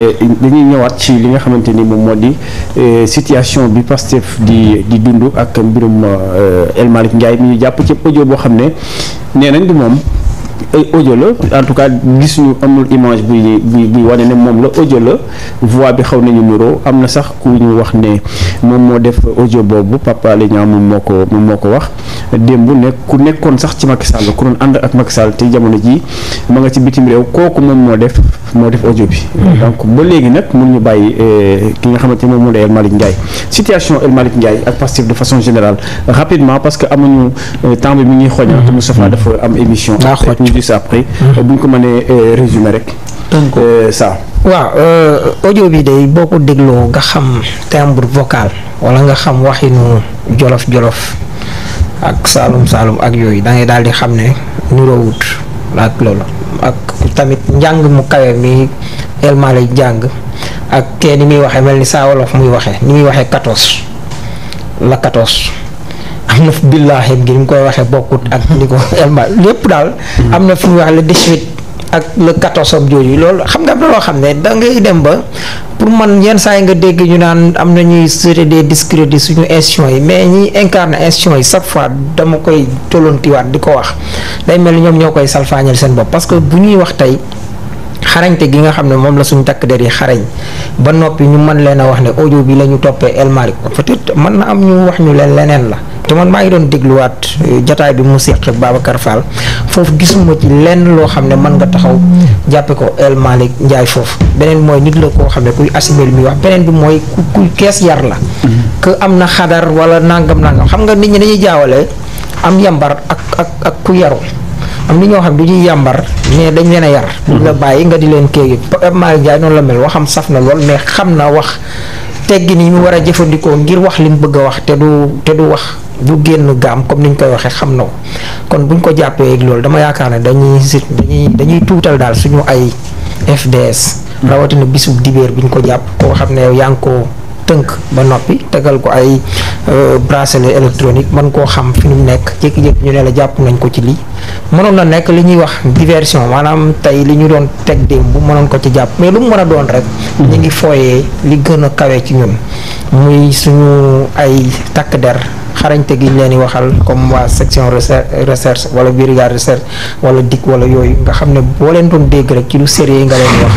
Eh, dañuy ñëwaat ci li nga xamante ni moom moo di eh, situation bi Pastef di di dund ak mbirum eh, El Malick Ndiaye mi ñu jàpp ci audio boo xam ne nee nañ di moom ay euh, audio la en tout cas gisuñu amul image buy buy buy wane ne moom la audio la voix bi xaw nañu nuroo am na sax ku ñu wax ne moom moo def audio boobu Papa Alé Niang moom ko moom moo ko wax démb nekk ku nekkoon sax ci Macky Sall ku doon ànd ak Macky Sall te ji ma nga ci bitim réew kooku moom moo def moo def audio bi. donc ba léegi nag mun ñu bàyyi euh, ki nga xamante ne moom moo di El Malick Ndiaye situation El Malick Ndiaye ak Pastef de façon générale rapidement parce que amuñu euh, temps bi ngi xoña te mm-hmm. Moustapha dafa am émission. ñu gis après. Mhm. bu ñu ko mënee euh, résumé rek. donc euh, ça. waaw euh, audio day boo ko dégloo nga xam timbre vocal wala nga xam waxinu jolof jolof ak saalum saalum ak yooyu da ngay daal di xam ne niroowut ak loolu ak tamit njàng mu kawe mi elma lay jàng ak kee ni muy waxee mel ni saa wolof muy waxee ni muy waxee 14 la 14. ahnaf billahi gi ni mu koy waxee bokkut ak ni ko elma lépp daal am na fu ñu wax le 18 ak le 14 ak jooju loolu xam nga am loo xam ne da ngay dem ba pour man yenn saa yi nga dégg ñu naan am na ñuy seté des discrédits suñu institution yi mais ñi incarne institution yi chaque fois dama koy tolontiwaat di ko wax day mel ni ñoom ñoo koy salfaañal seen bopp parce que bu ñuy wax tey xarañte gi nga xam ne moom la suñ takk der yi xarañ ba noppi ñu mën leen a wax ne audio bi la toppee El Malick peut-être mën na am ñu wax ñu leen leneen la te man maa ngi doon dégluwaat euh, jataay bi mu seq Babacar Fall foofu gisuma ci lenn loo xam ne mën nga taxaw jàppe ko El Malick Ndiaye foofu beneen bi mooy nit la koo xam ne kuy assimil mi wax beneen bi mooy ku kees yar la mm-hmm. que am na xadar walla nangam nangam xam nga nit ñi dañuy jaawale am yambar ak ak ak ku yaru am na ñoo xam du ñuy yàmbar mais dañ leen a yar. duñ mhm. la bàyyi nga di leen kéegi Pape Malick Ndiaye noonu la mel waxam saf na lool mais xam na wax teggi ni mu war a jëfandikoo ngir wax li mu bëgg a wax te du te du wax du génn gaam comme ni ñu koy waxee xam na ko kon buñ ko jàppee ak loolu dama yaakaar ne dañuy dañuy dañuy tuutal daal suñu ay FDS. Mhm. rawatina bisub dibeer biñ ko jàpp koo xam ne yow yaa ngi ko tënk ba noppi tegal ko ay euh, bracelet électronique mën koo xam fi mu nekk jékki-jékki ñu ne la jàpp nañ ko ci lii mënoon na nekk li ñuy wax diversion maanaam tey li ñu doon teg démb mënoon ko ci jàpp mais lu mu mën a doon rek. ñu ngi fooyee li gën a kawe ci ñun muy suñu ay takk der. xarañte gi ñu leen di waxal comme waa section recherche wala brigade recherche wala dikk wala yooyu nga xam ne boo leen doon dégg rek ci lu sérieux nga leen wax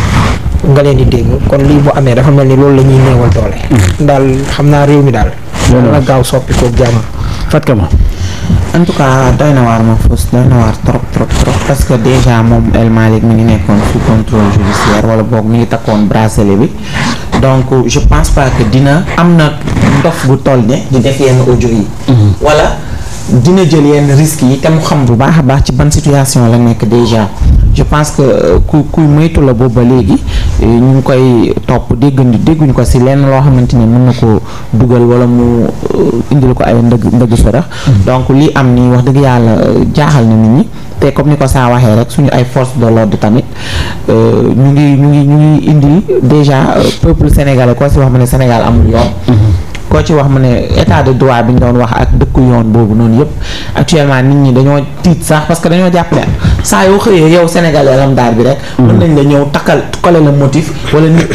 nga leen di dégg kon lii bu amee dafa mel ni loolu la ñuy néewal doole. Mm-hmm. daal xam naa réew mi daal. loolu la gaaw soppi koog jàmm. Fatou Kama. en tout cas doy na waar ma na waar trop parce que déjà moom El Malick mi ngi nekkoon sous contrôle judiciaire wala boog mi ngi takkoon bracelet bi donc je pense pas que dina am na ndof bu toll ne di def yenn audio yi. Mm-hmm. wala dina jël yenn risques yi te mu xam bu baax a baax ci ban situation la nekk déjà. je pense que euh, ku kuy moytu la booba léegi eh, ñu ngi koy topp déggandi dégguñu ko si lenn loo xamante ne mën na ko dugal wala mu euh, indil ko ay ndëgg ndëgg sërëx mm-hmm. donc li am ni wax dëgg yàlla euh, jaaxal na nit ñi te comme ni ko saa waxee rek suñu ay force de l'ordre tamit ñu ngi ñu ngi ñu ngi indi déjà peuple sénégalais ko si wax ma ne Sénégal amul yoon mm-hmm. koo ci wax mu ne état de droit bi ñu doon wax ak dëkku yoon boobu noonu yëpp actuellement nit ñi dañoo tiit sax parce que dañoo jàpp ne saa yoo xëyee yow sénégalais lam bi rek. Mm. mën nañ la ñëw takkal kole la motif wala nit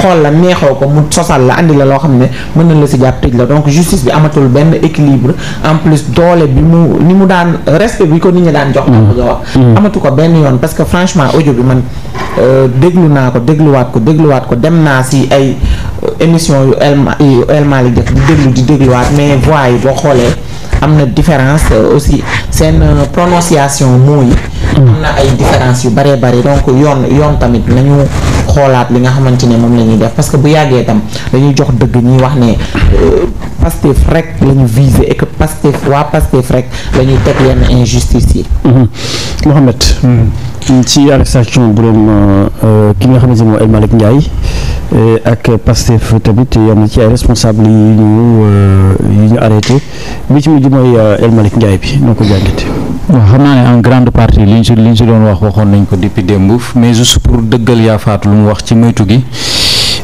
xool la neexoo ko mu sosal la andi la loo xam ne mën nañ la si jàpp tëj la donc bi amatul benn équilibre doole bi mu ni mu daan respect bi ko nit ñi daan jox. nga mm. wax mm. amatu ko benn yoon parce que franchement audio bi man euh, déglu naa ko dégluwaat ko dégluwaat ko dem naa si ay. émission yu yu El Malick def di déglu di dégluwaat mais voix yi boo xoolee am na différence aussi seen euh, prononciation mots yi am na ay différence yu bëree bëri donc yoon yoon tamit nañu xoolaat li nga xamante ne moom la ñuy def parce que bu yàggee tam lañuy jox dëgg ñuy wax ne euh, Pastef rek la ñu visé et que Pastef waa Pastef rek la ñuy teg yenn injustice yi. Mhm. Mohamed. Hmm. ci arrestation borom euh, ki nga xamante ne mooy El Euh, ak Pastef tamit yenn ci ay responsable yi ñu euh, yi ñu arrêté bi ci mujj mooy euh, El Malick Ndiaye bi noo ko jàngate waaw xam naa ne en grande partie li ñu si li ñu si doon wax waxoon nañ ko depuis démb mais juste pour dëggal yaa lu mu wax ci moytu gi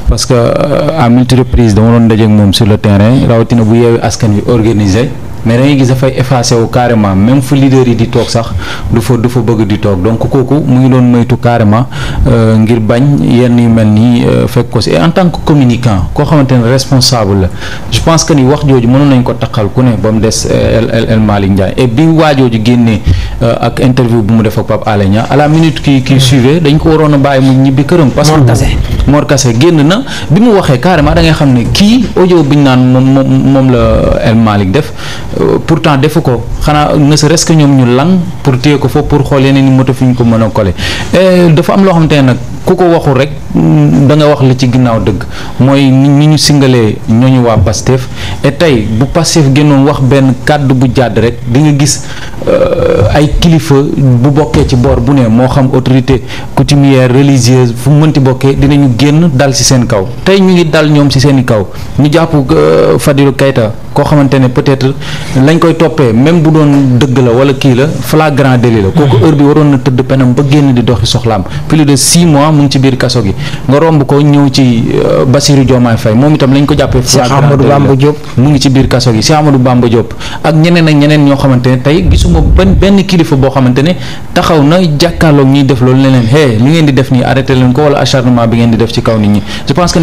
parce que à multi reprise dama doon dajeek moom sur le terrain rawatina bu yeewee askan wi organisé mais da ngay gis dafay effacé wu carrément même fu leader yi di toog sax du fa du fa bëgg di toog donc kooku mu ngi doon moytu carrément euh, ngir bañ yenn yu mel nii euh, fekk ko si en tant que communicant koo xamante ne responsable la je pense que ni wax jooju mënoon nañ ko taqal ku ne ba mu des euh, El El Malick Ndiaye et bi waajooju génnee Euh, ak interview bu mu def ak Pape Alé Niang minute qui qui mm. suivait dañ ko waroon a bàyyi mu ñibbi këram. parce que génn na bi mu waxee carrément da ngay xam ne kii audio bi ñu naan moom moom la El Malick def euh, pourtant defu ko xanaa ne serait-ce que ñoom ñu lang pour téye ko foofu pour xool yeneen i moto fi ñu ko mën a coller dafa am loo xamante ne nag. ku ko waxul rek mm, da nga wax li ci ginnaaw dëgg mooy ni ñu singalee ñooñu waa Pastef et tey bu Pastef génnoon wax benn kàddu bu jàdd rek di nga gis euh, ay kilifa bu bokkee ci boor bu ne moo xam autorité coutumière religieuse fu mënti bokkee ñu génn dal ci seen kaw tey ñu ngi dal ñoom ci seeni kaw ñu jàpp euh, Fadilou Keita koo xamante ne peut-être lañ koy toppee même bu doon dëgg la wala kii la flagrant délit la kooku heure bi waroon na tëdd penam ba génn di doxi soxlaam ans mu ngi ci biir kaso gi nga romb ko ñëw ci euh, Bassirou Diomaye Faye moom itam lañ ko jàppee. Cheikh Amadou Bamba Diop mu ne tey gisuma bi ngeen di def ci kaw nit ñi je pense que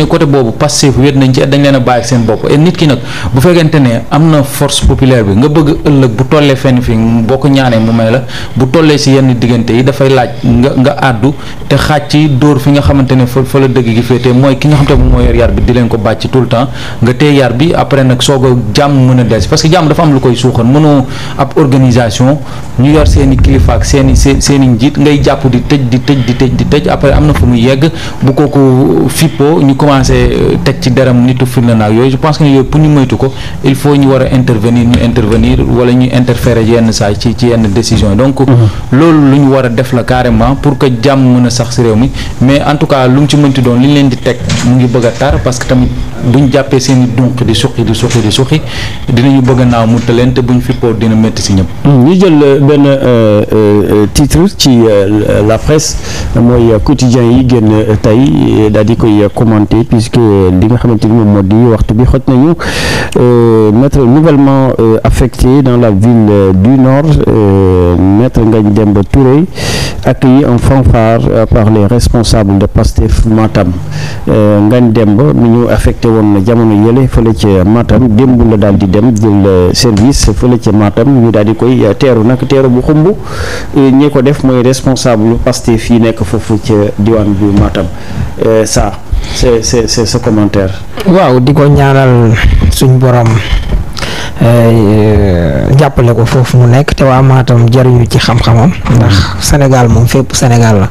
a am na force populaire bi nga bëgg ëllëg bu tollee fenn fi boo ko ñaanee mu may la bu tollee si yenn diggante yi dafay laaj nga àddu te xaaj ci door fi nga xamante ne foo fa la dëgg gi féetee mooy ki nga xamante ne mooy yar bi di leen ko bàcc tout temps nga téye yar bi après nag soog a jàmm mën a des parce que jàmm am lu koy suuxan mënoo ab organisation ñu yor seen i kilifa ak seen i seen i njiit ngay jàpp di tëj di tëj di tëj di tëj après am na fu muy yegg bu kooku fippoo ñu commencé euh, teg ci deram nitu firnde naag yooyu je pense que yooyu pour ñu moytu ko il faut ñu war a intervenir ñu intervenir wala ñu interférer yenn saa ci ci yenn décision donc mm-hmm. loolu lu ñu war a def la carrément pour que jàmm mën a sax si réew mi mais en tout cas lu mu ci mënti doon li leen di teg mu ngi bëgg a tar parce tamit buñ jàppee seen i dunq di suqi di suqi di suqi dinañu bëgg a naaw mu leen te buñ fippoo dina métti si ñëpp. Hmm, ñu jël euh, benn euh, euh, titre ci la presse mooy quotidien yi génn tey daal di koy commenter puisque li nga xamante ni moom moo di waxtu bi xoj nañu maître nouvellement affecté dans la ville du nord maître Ngagne Demba Touré accueilli en fanfare par les responsables de Pastef Matam Ngagne Demba mi ñu affecté. woon na jamono yële fële ca Matam démb la daal di dem jël euh, service fële ca Matam ñu daal di koy euh, teeru nag teeru bu xumb euh, ñi ko def mooy responsable Pastef yi nekk foofu ca diwaan bu Matam ça c'est c'est commentaire. waaw di ko ñaanal suñ borom. jàppale ko foofu mu nekk te waa Matam jariñu ci xam-xamam ndax Sénégal moom fépp Sénégal la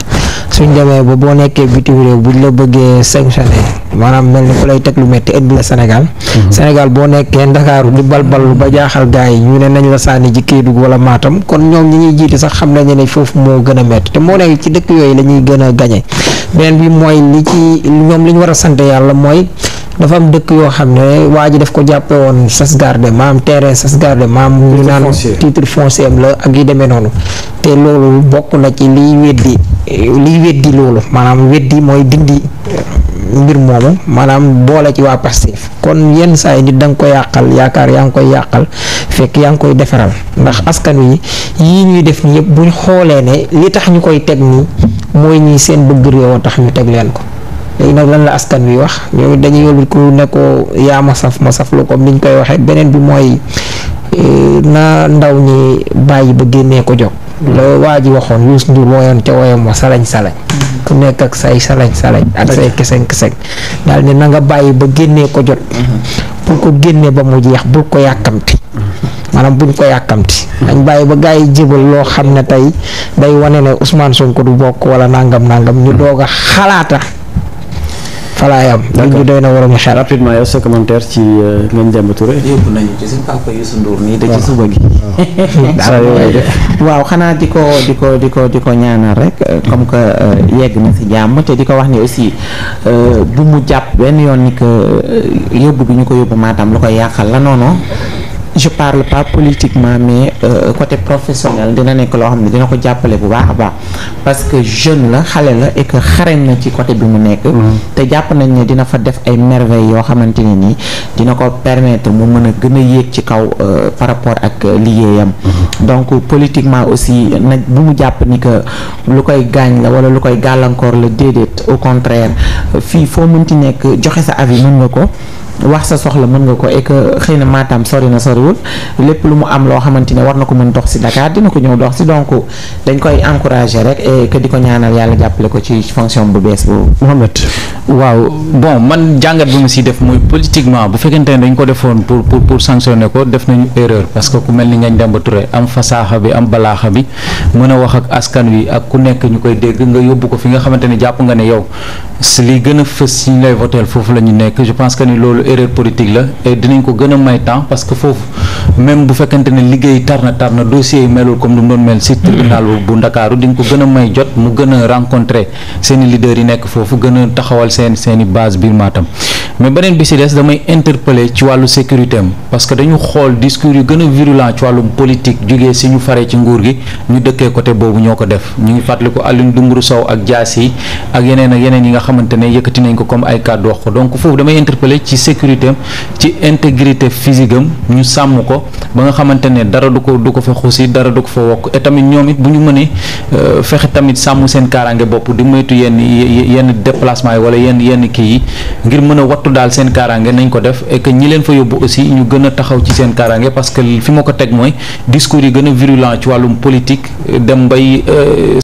suñ demee ba boo nekkee bitim réew ñu la bëggee sanctionné maanaam mel ni ku lay teg lu métti indi la Sénégal mhm. Sénégal boo nekkee Ndakaaru di balbal ba jaaxal gars yi ñu ne nañ la sànni ji Kédougou wala maatam kon ñoom ñi ñuy jiite sax xam nañ ne foofu moo gën a métti te moo nekk ci dëkk yooyu la gën a gañe beneen bi mooy li ci ñoom li ñu war a sant yàlla mooy dafa am dëkk yoo xam ne waa ji daf ko jàppe woon sas garde maam terrain sas garde maam ñu naan titre foncier am la ak yi demee noonu te loolu bokk na ci liy weddi liy weddi loolu maanaam weddi mooy dindi mbir moomu maanaam boole ci waa Pastef kon yenn saa yi nit da nga ko yàqal yaakaar yaa ngi koy yàqal fekk yaa ngi koy defaral ndax askan wi yii ñuy def ñëpp buñ xoolee ne li tax ñu koy teg nii mooy ñi seen bëgg réew a tax ñu teg leen ko léegi nag lan la askan wi wax ñoom dañu dañuy yóbbu ku ne yaa ma saf ma saf lu comme niñ koy waxee beneen bi mooy euh, na ndaw ñi bàyyi ba génnee ko jóg. waa ji waxoon Youssou Ndour ca woyam wa salañ salañ. ak say salañ salañ. ak say keseŋ keseŋ daal ne bàyyi ba génnee ko jot. pour mhm. ko génnee ba mu jeex bul ko yàkkamti. Mhm. maanaam buñ ko yàkkamti. dañ mhm. bàyyi ba gars yi jébal loo xam ne tey day wane ne Ousmane Sonko du bokk wala nangam nangam ñu doog a xalaata. falaayam. d' accord doy na waroon xel. rapidement yow sa ci euh, Ngagne Demba Touré. yóbbu nañu ci suñ papa Youssou Ndour nii. waaw ci suba gi. waaw xanaa di ko di ko di ko di ko ñaanal rek euh, comme que euh, yegg na si jàmm te di ko wax ni aussi bu mu jàpp benn yoon ni que yóbbu bi ñu ko yóbbu Matam lu koy yàqal la noonu. je parle pas politiquement mais euh, côté professionnel dina nekk loo xam ne dina ko jàppale bu baax baax parce que jeune la xale la et que xarañ na ci côté bi mu nekk. Mm-hmm. te jàpp nañ ne dina fa def ay merveilles yoo xamante ne nii dina ko permettre mu mën a gën a yéeg ci kaw euh, par rapport ak euh, liggéeyam. Mm-hmm. donc politiquement aussi nag bu mu jàpp ni que lu koy gaañ la wala lu koy gàllankoor la déedéet au contraire fii foo mënti nekk joxe sa avis mën nga ko. wax sa soxla mën nga ko et xëy na Matam sori na soriwul lépp lu mu am loo xamante ne war na ko mën dox si Dakar dina ko ñëw dox si donc dañ koy encourager rek et di ko ñaanal yàlla jàppale ko ci fonction bu bees boobu. Mohamed waaw bon man jàngat bi mu si def mooy politiquement bu fekkente ne dañ ko defoon pour pour pour sanctionner ko def nañu erreur parce ku mel ni Ngagne Demba Touré am fasaaxa bi am balaaxa bi mën a wax ak askan wi ak ku nekk ñu koy dégg nga yóbbu ko fi nga xamante ne jàpp nga ne yow. si li gën a fës si ñu lay voteel foofu la ñu nekk je pense que ni loolu erreur politique la et dinañ ko gën a may temps parce que foofu même bu fekkente ne liggéey tar na tar na dossier yi melul comme lu mu doon mel si tribunal bu Ndakaaru di ko gën a may jot mu gën a rencontrer seen i yi nekk foofu gën a taxawal seen seen i base biir Matam mais beneen bi si des damay interpeller ci wàllu sécurité am parce que dañu xool discours yu gën a virulent ci wàllu politique jógee si ñu faree ci nguur gi ñu dëkkee côté boobu ñoo ko def ñu ngi fàttaliku Alioune Doumbourou Sow ak Dias ak yeneen yeneen yi xamante ne yëkkati nañ ko comme ay kàddu wax ko donc foofu damay interpeller ci sécurité ci intégrité physique ñu sàmm ko ba nga xamante ne dara du ko du ko fa xuusi dara du ko fa wokk et tamit ñoom it bu ñu mënee euh, fexe tamit sàmm seen kaaraange bopp di moytu yenn yenn déplacement yi wala yenn yenn kii yi ngir mën a wattu daal seen kaaraange nañ ko def et ñi leen fa yóbbu aussi ñu gën a taxaw ci seen kaaraange parce que fi ma ko teg mooy discours yi gën a ci wàllum politique